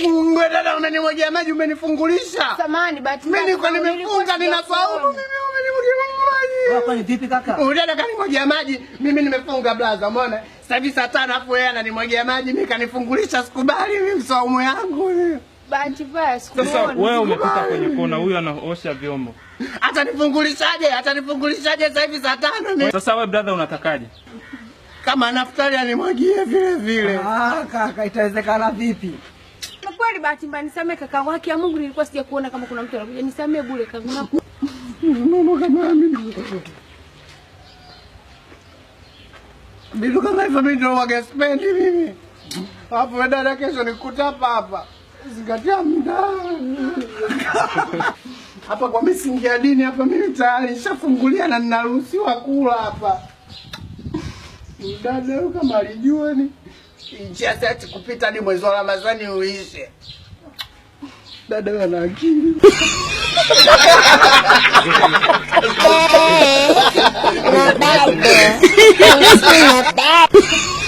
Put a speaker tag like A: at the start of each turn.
A: Mungu dada, unanimwagia maji, umenifungulisha.
B: Samahani, Mimi niko nimefunga,
A: ninafaulu mimi, umenimwagia
C: maji. Vipi kaka?
A: Dada kanimwagia maji, mimi nimefunga blaza, umeona? Sasa hivi saa tano, afu yeye ananimwagia maji, mimi kanifungulisha, sikubali mimi saumu yangu.
B: Bahati mbaya sikumuona.
C: Sasa wewe umepita kwenye kona, huyu anaosha vyombo.
A: Atanifungulishaje? Atanifungulishaje sasa hivi saa tano ni?
C: Sasa wewe brother unatakaje?
A: Kama naftali animwagie vile vile. Ah, kaka itawezekana vipi?
B: Kwa Kweli bahati mbaya nisamee kaka haki ya Mungu nilikuwa sija kuona kama kuna mtu anakuja. Nisamee bure kaka.
A: Mama kama mimi. Ndio kama hivyo mimi ndio wagespendi mimi. Hapo dada kesho nikuta hapa hapa zingatia muda hapa kwa misingi ya dini. Hapa mimi tayari nishafungulia na ninaruhusiwa kula hapa. Mdada huyu kama alijua ni ijazati kupita ni mwezi wa Ramadhani uishe. Dada ana akili. na